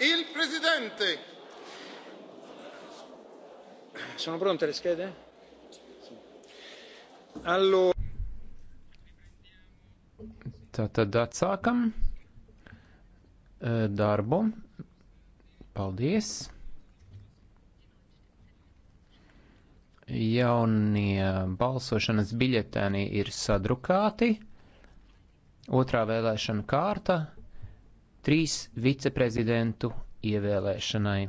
il presidente sono pronte le schede? Allora... Tātad atsākam eh, darbu. Paldies! Jaunie balsošanas biļetēni ir sadrukāti. Otrā vēlēšana kārta trīs viceprezidentu ievēlēšanai.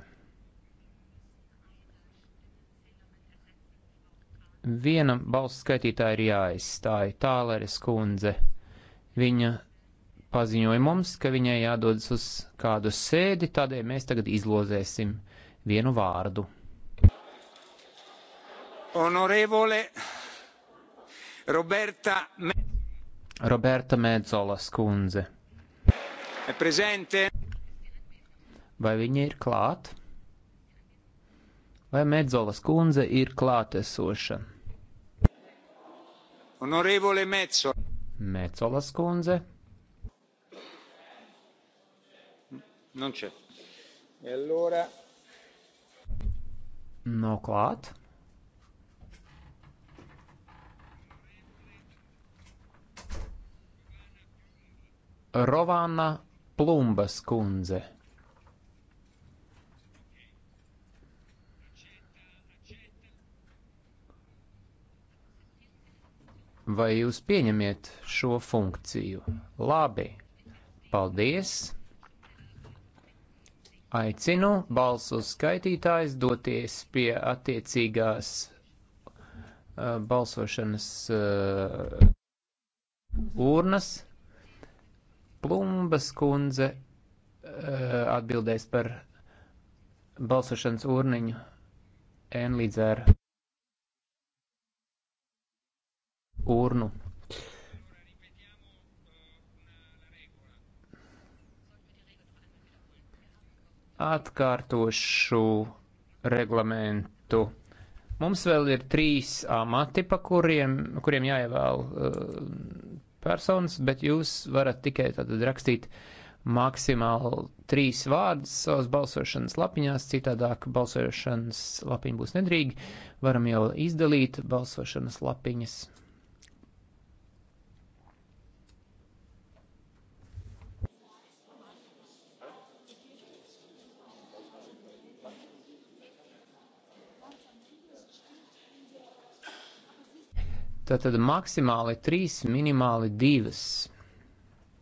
Viena balss skaitītāja ir jāizstāja Tāleres kundze. Viņa paziņoja mums, ka viņai jādodas uz kādu sēdi, tādēļ mēs tagad izlozēsim vienu vārdu. Honorevole Roberta, Me Roberta Medzola skundze. Vai viņa ir klāt? Vai Medzolas kundze ir klātesoša? Honorevole Mezzo. Mezzolas kundze. Non c'è. E allora... Nav klāt. Rovana Plumbas kundze. Vai jūs pieņemiet šo funkciju? Labi, paldies! Aicinu balsu skaitītājs doties pie attiecīgās uh, balsošanas uh, urnas. Plumbas kundze eh, atbildēs par balsošanas urniņu N līdz ar urnu. Atkārtošu reglamentu. Mums vēl ir trīs amati, pa kuriem, kuriem jāievēl uh, personas, bet jūs varat tikai tātad rakstīt maksimāli trīs vārdus savas balsošanas lapiņās, citādāk balsošanas lapiņa būs nedrīga. Varam jau izdalīt balsošanas lapiņas. Tātad maksimāli trīs, minimāli divas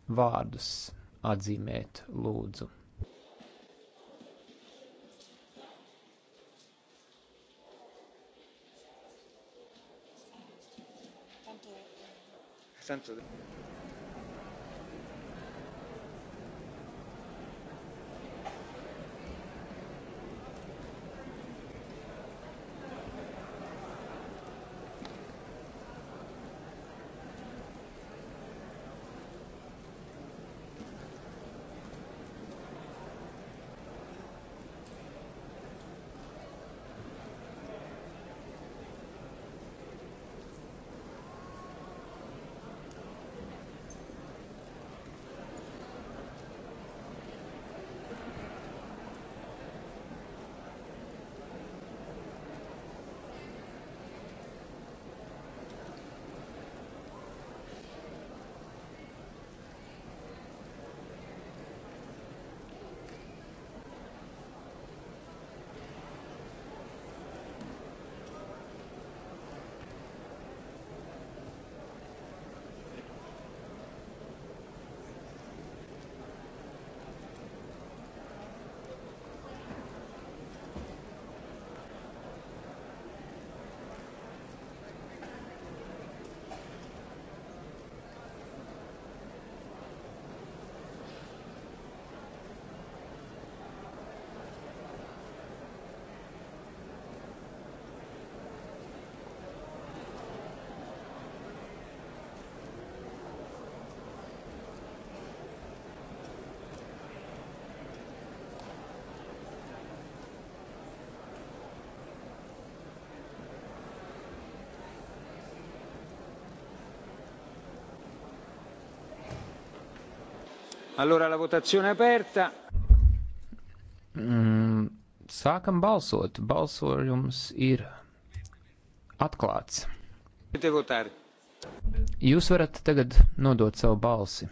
vārdus atzīmēt lūdzu. centrului. Allora la votazione aperta. Mm, sākam balsot. Balsojums ir atklāts. Jūs varat tagad nodot savu balsi.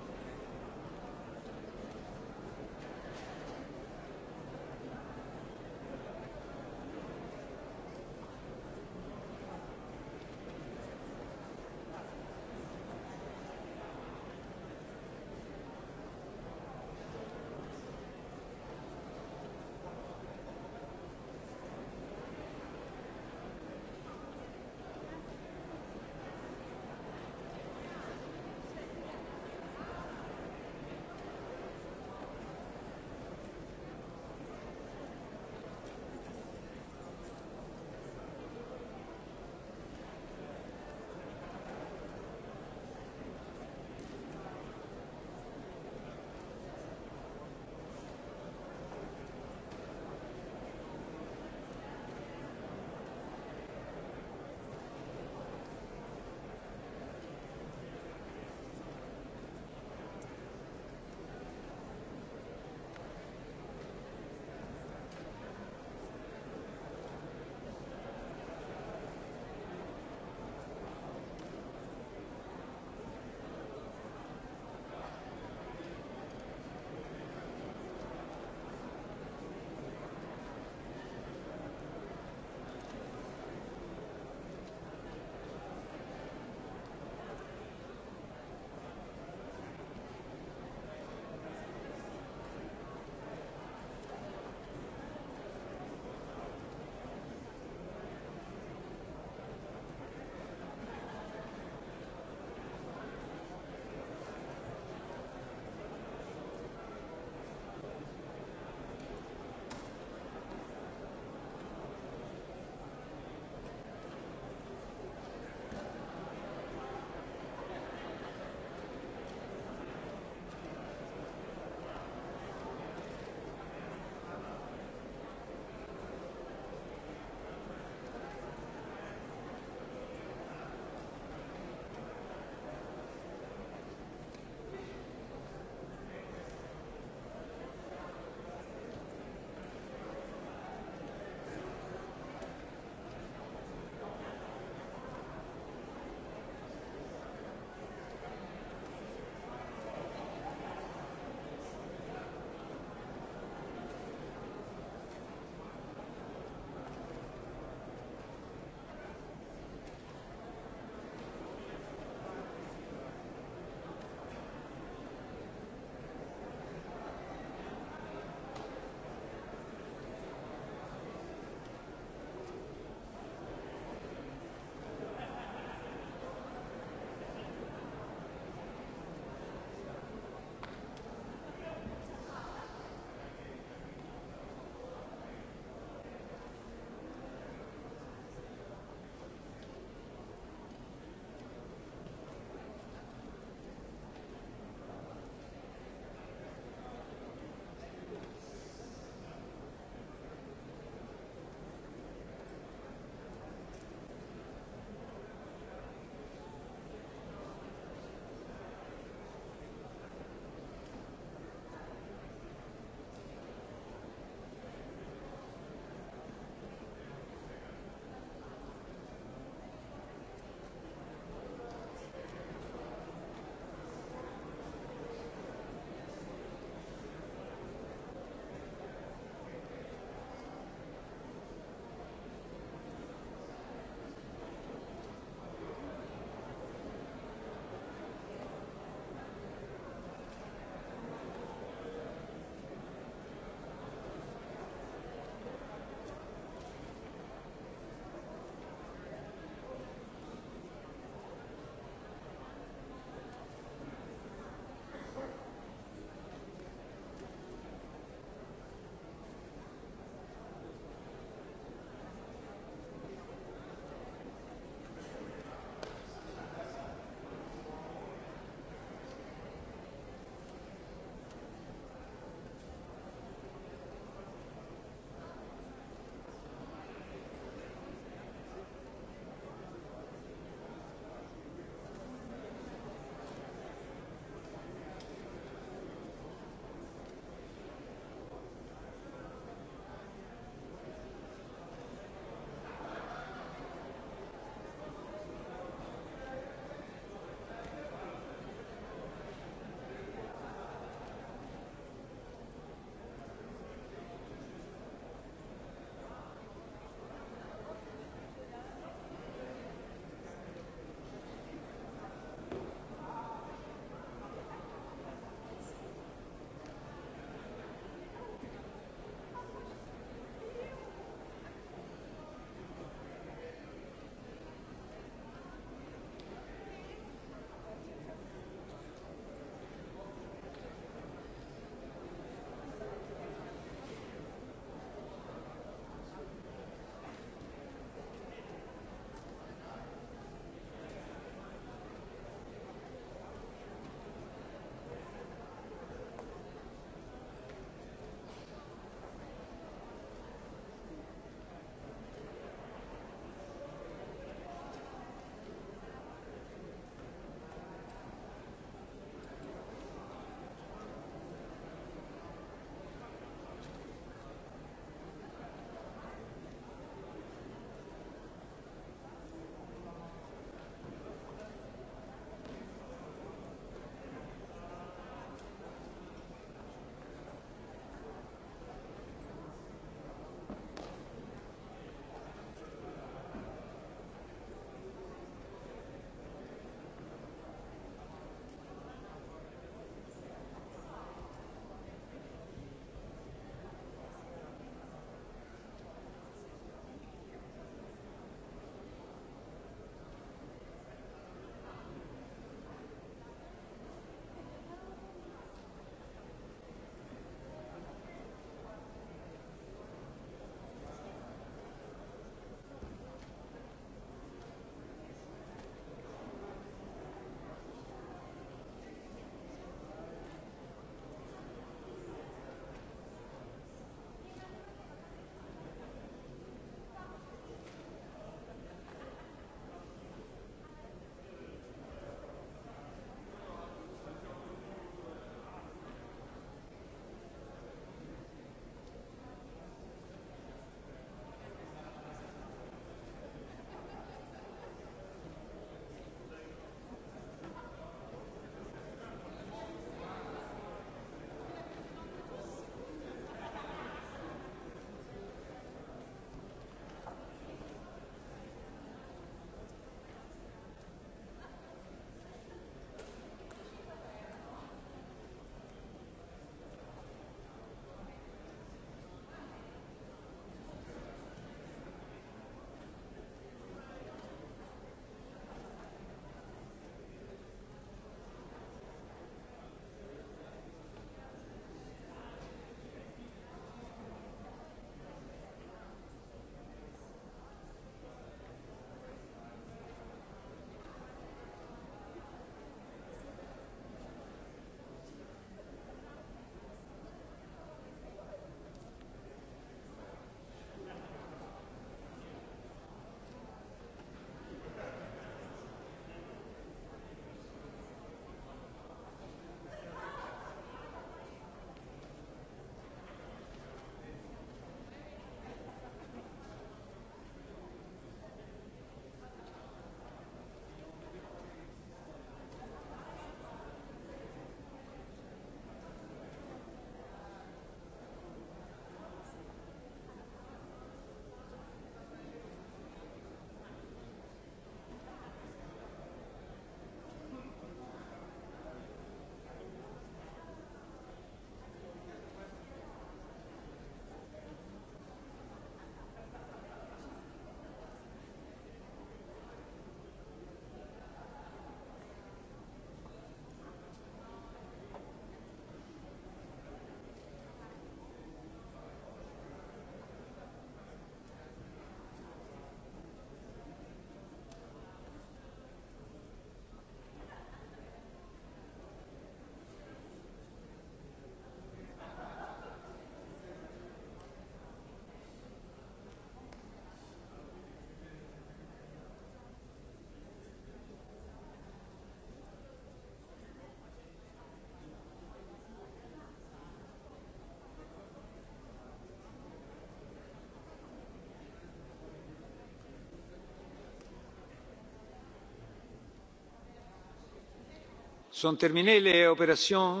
Sont terminēlē operācijām?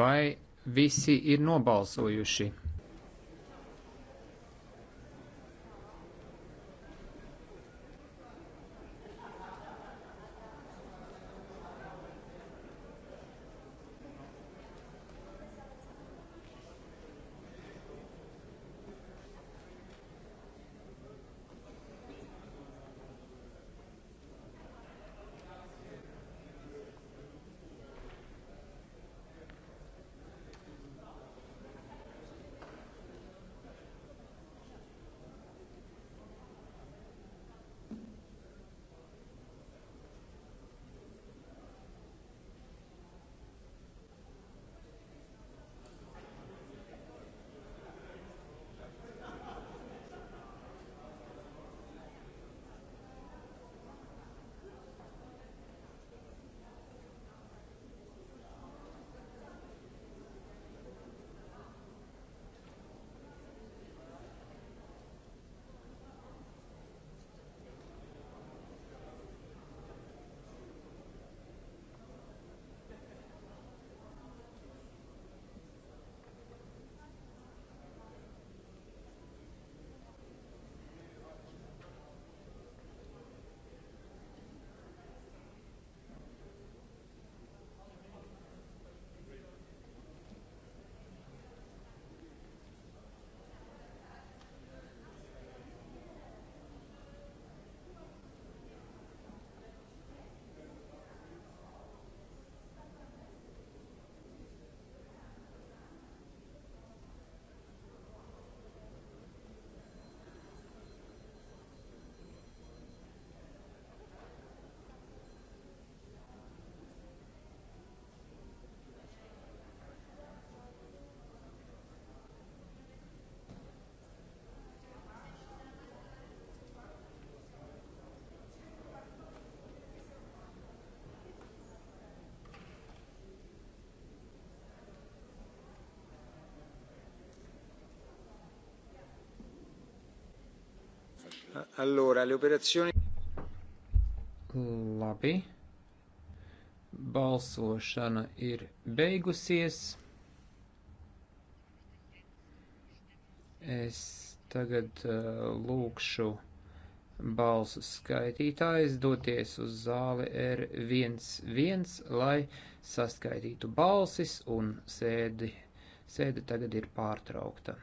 Vai visi ir nobalsojuši? Allora, le operazioni. Labi. Balsošana ir beigusies. Es tagad uh, lūkšu balsu skaitītājs doties uz zāli R11, lai saskaitītu balsis un sēdi. Sēde tagad ir pārtraukta.